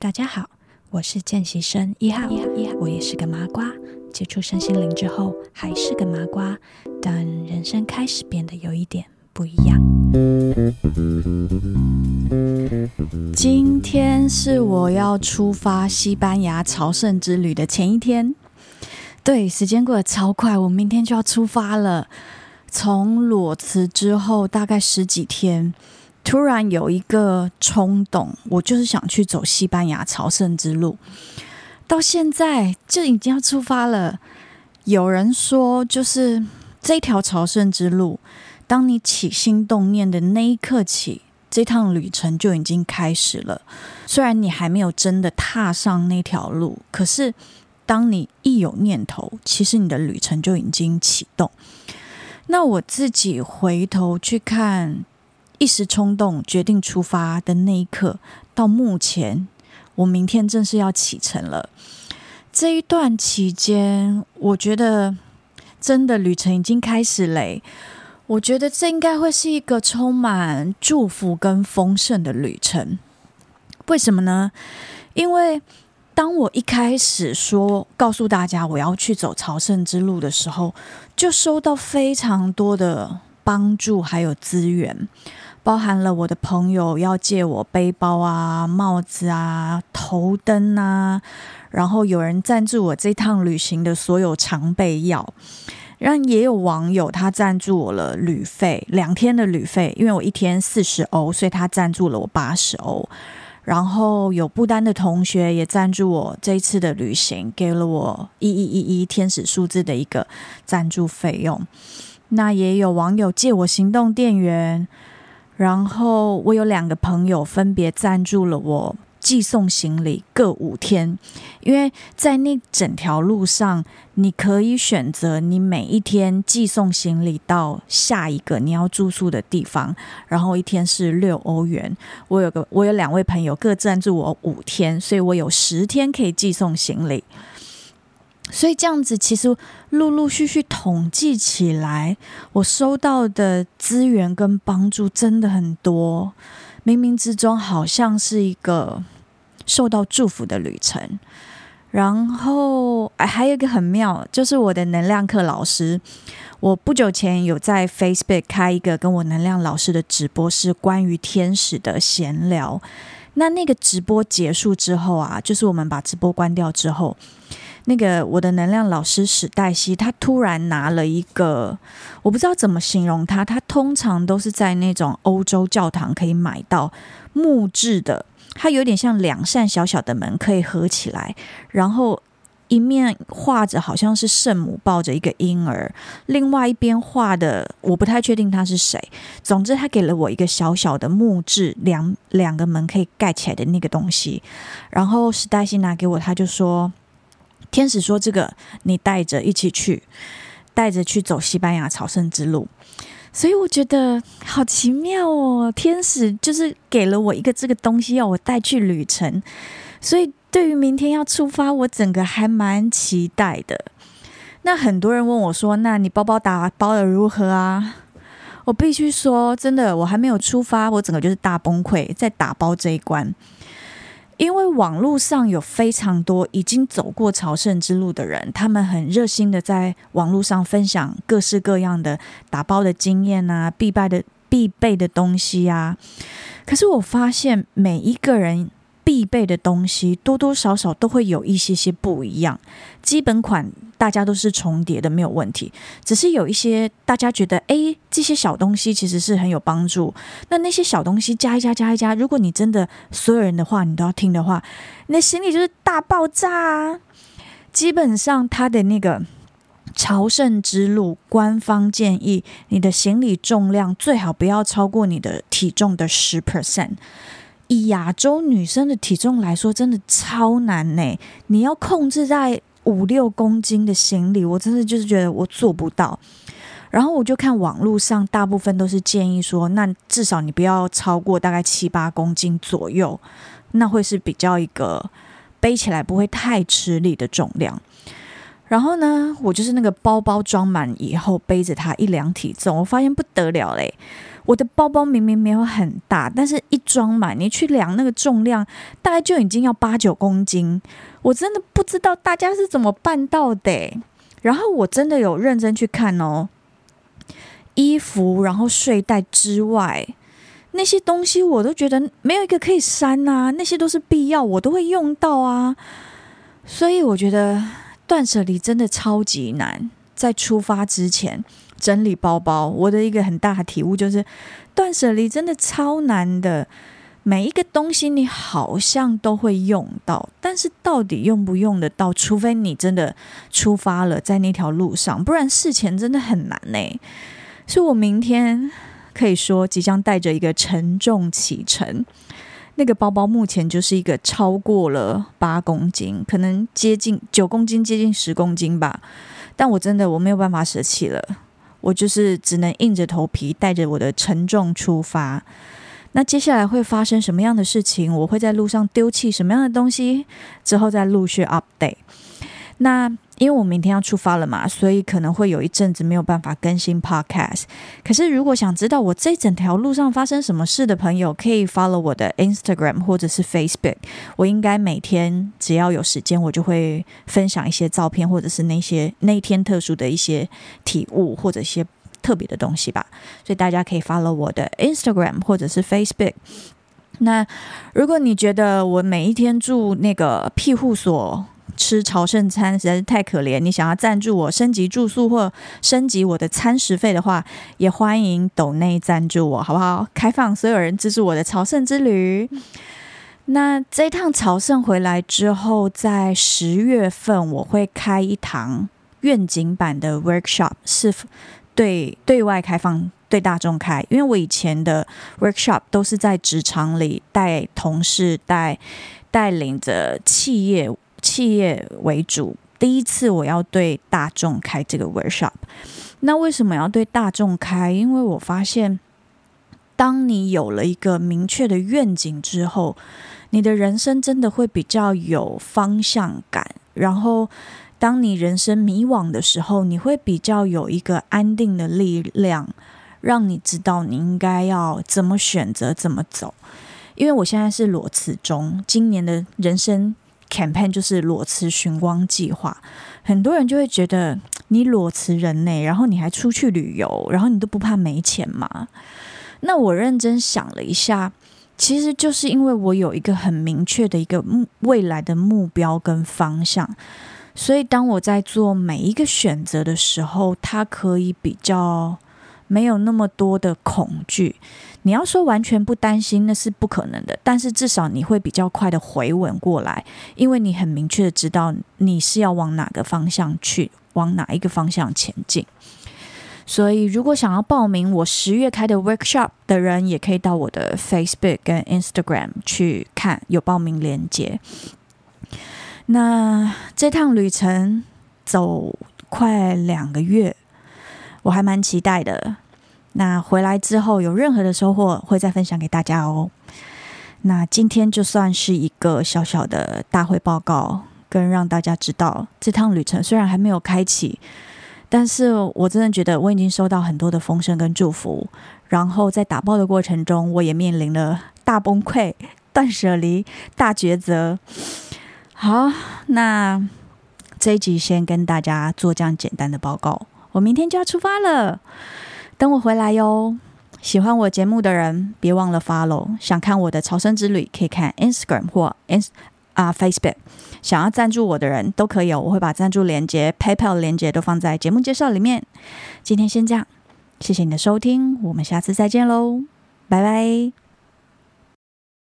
大家好，我是見習生一號一號一號，一號一號我也是個麻瓜。接觸身心靈之後，還是個麻瓜，但人生開始變得有一點不一樣。今天是我要出發西班牙朝聖之旅的前一天。對，時間過得超快，我明天就要出發了。從裸辭之後，大概十幾天。突然有一個衝動，我就是想去走西班牙朝聖之路。到現在就已經要出發了。有人說，就是這條朝聖之路，當你起心動念的那一刻起，這趟旅程就已經開始了。雖然你還沒有真的踏上那條路，可是當你一有念頭，其實你的旅程就已經啟動。那我自己回頭去看。一時衝動決定出發的那一刻，到目前，我明天正式要啟程了。這一段期間，我覺得真的旅程已經開始嘞。我覺得這應該會是一個充滿祝福跟豐盛的旅程。為什麼呢？因為當我一開始說告訴大家我要去走朝聖之路的時候，就收到非常多的幫助還有資源。包含了我的朋友要借我背包啊、帽子啊、頭燈啊，然後有人贊助我這趟旅行的所有常備藥，讓也有網友他贊助我了旅費兩天的旅費，因為我一天四十歐，所以他贊助了我八十歐。然後有不丹的同學也贊助我這次的旅行，給了我一一一一天使數字的一個贊助費用。那也有網友借我行動電源。然後我有兩個朋友分別贊助了我寄送行李各五天，因為在那整條路上，你可以選擇你每一天寄送行李到下一個你要住宿的地方，然後一天是六歐元。我有個我有兩位朋友各贊助我五天，所以我有十天可以寄送行李。所以這樣子，其實陸陸續續統計起來，我收到的資源跟幫助真的很多。冥冥之中，好像是一個受到祝福的旅程。然後，哎，還有一個很妙，就是我的能量課老師。我不久前有在 Facebook 開一個跟我能量老師的直播，是關於天使的閒聊。那那個直播結束之後啊，就是我們把直播關掉之後。那個我的能量老師史黛西，他突然拿了一個我不知道怎麼形容他，他通常都是在那種歐洲教堂可以買到木質的，它有點像兩扇小小的門可以合起來，然後一面畫着好像是聖母抱着一個嬰兒，另外一邊畫的我不太確定他是誰。總之，他給了我一個小小的木質兩兩個門可以蓋起來的那個東西，然後史黛西拿給我，他就說。天使說：“這個你帶着一起去，帶着去走西班牙朝聖之路。”所以我覺得好奇妙哦，天使就是給了我一個這個東西，要我帶去旅程。所以對於明天要出發，我整個還蠻期待的。那很多人問我說：“那你包包打包的如何啊？”我必須說，真的，我還沒有出發，我整個就是大崩潰，在打包這一關。因為網絡上有非常多已經走過朝聖之路的人，他們很熱心的在網絡上分享各式各樣的打包的經驗啊，必敗的，必備的東西啊。可是我發現每一個人，必備的東西多多少少都會有一些些不一樣，基本款大家都是重疊的，沒有問題。只是有一些大家覺得，哎，這些小東西其實是很有幫助。那那些小東西加一加加一加，如果你真的所有人的話，你都要聽的話，那行李就是大爆炸啊。基本上，他的那個朝聖之路官方建議，你的行李重量最好不要超過你的體重的十 percent。以亞洲女生的體重來說，真的超難呢、欸！你要控制在五六公斤的行李，我真的就是覺得我做不到。然後我就看網絡上，大部分都是建議說，那至少你不要超過大概七八公斤左右，那會是比較一個背起來不會太吃力的重量。然後呢，我就是那個包包裝滿以後背着它一量體重，我發現不得了嘞！我的包包明明沒有很大，但是一裝滿，你去量那個重量，大概就已經要八九公斤。我真的不知道大家是怎麼辦到的。然後我真的有認真去看哦，衣服，然後睡袋之外，那些東西我都覺得沒有一個可以刪啊，那些都是必要，我都會用到啊。所以我覺得。斷捨離真的超級難，在出發之前整理包包，我的一個很大的體悟就是，斷捨離真的超難的。每一個東西你好像都會用到，但是到底用不用得到，除非你真的出發了，在那條路上，不然事前真的很難呢、欸。所以我明天可以說即將帶着一個沉重啟程。那個包包目前就是一個超過了八公斤，可能接近九公斤，接近十公斤吧。但我真的我沒有辦法捨棄了，我就是只能硬着頭皮帶着我的沉重出發。那接下來會發生什麼樣的事情？我會在路上丟棄什麼樣的東西？之後再陸續 update。那因為我明天要出發了嘛，所以可能會有一陣子沒有辦法更新 Podcast。可是如果想知道我這整條路上發生什麼事的朋友，可以 follow 我的 Instagram 或者是 Facebook。我應該每天只要有時間，我就會分享一些照片或者是那些那天特殊的一些體悟或者一些特別的東西吧。所以大家可以 follow 我的 Instagram 或者是 Facebook。那如果你覺得我每一天住那個庇護所，吃朝聖餐實在是太可憐。你想要贊助我升級住宿或升級我的餐食費的話，也歡迎抖內贊助我，好不好？開放所有人資助我的朝聖之旅。那這一趟朝聖回來之後，在十月份我會開一堂願景版的 workshop，是對對外開放、對大眾開。因為我以前的 workshop 都是在職場裡帶同事、帶帶領着企業。企業為主，第一次我要對大眾開這個 workshop。那為什麼要對大眾開？因為我發現，當你有了一個明確的願景之後，你的人生真的會比較有方向感。然後，當你人生迷惘的時候，你會比較有一個安定的力量，讓你知道你應該要怎麼選擇、怎麼走。因為我現在是裸辭中，今年的人生。Campaign 就是裸辭尋光計劃，很多人就會覺得你裸辭人類，然後你還出去旅游，然後你都不怕沒錢嗎？那我認真想了一下，其實就是因為我有一個很明確的一個目，未來的目標跟方向，所以當我在做每一個選擇的時候，它可以比較。沒有那麼多的恐懼，你要說完全不擔心那是不可能的，但是至少你會比較快的回穩過來，因為你很明確的知道你是要往哪個方向去，往哪一個方向前進。所以，如果想要報名我十月開的 workshop 的人，也可以到我的 Facebook 跟 Instagram 去看有報名鏈接。那這趟旅程走快兩個月。我還蠻期待的。那回來之後有任何的收穫，會再分享給大家哦。那今天就算是一個小小的大會報告，跟讓大家知道，這趟旅程雖然還沒有開啟，但是我真的覺得我已經收到很多的風聲跟祝福。然後在打包的過程中，我也面臨了大崩潰、斷捨離、大抉擇。好，那這一集先跟大家做這樣簡單的報告。我明天就要出發了，等我回來喲。喜歡我節目的人，別忘了 follow。想看我的朝聖之旅，可以看 Instagram 或 Ins 啊 Facebook。想要贊助我的人都可以哦，我會把贊助鏈接、PayPal 鏈接都放在節目介紹裡面。今天先這樣，謝謝你的收聽，我們下次再見嘍，拜拜。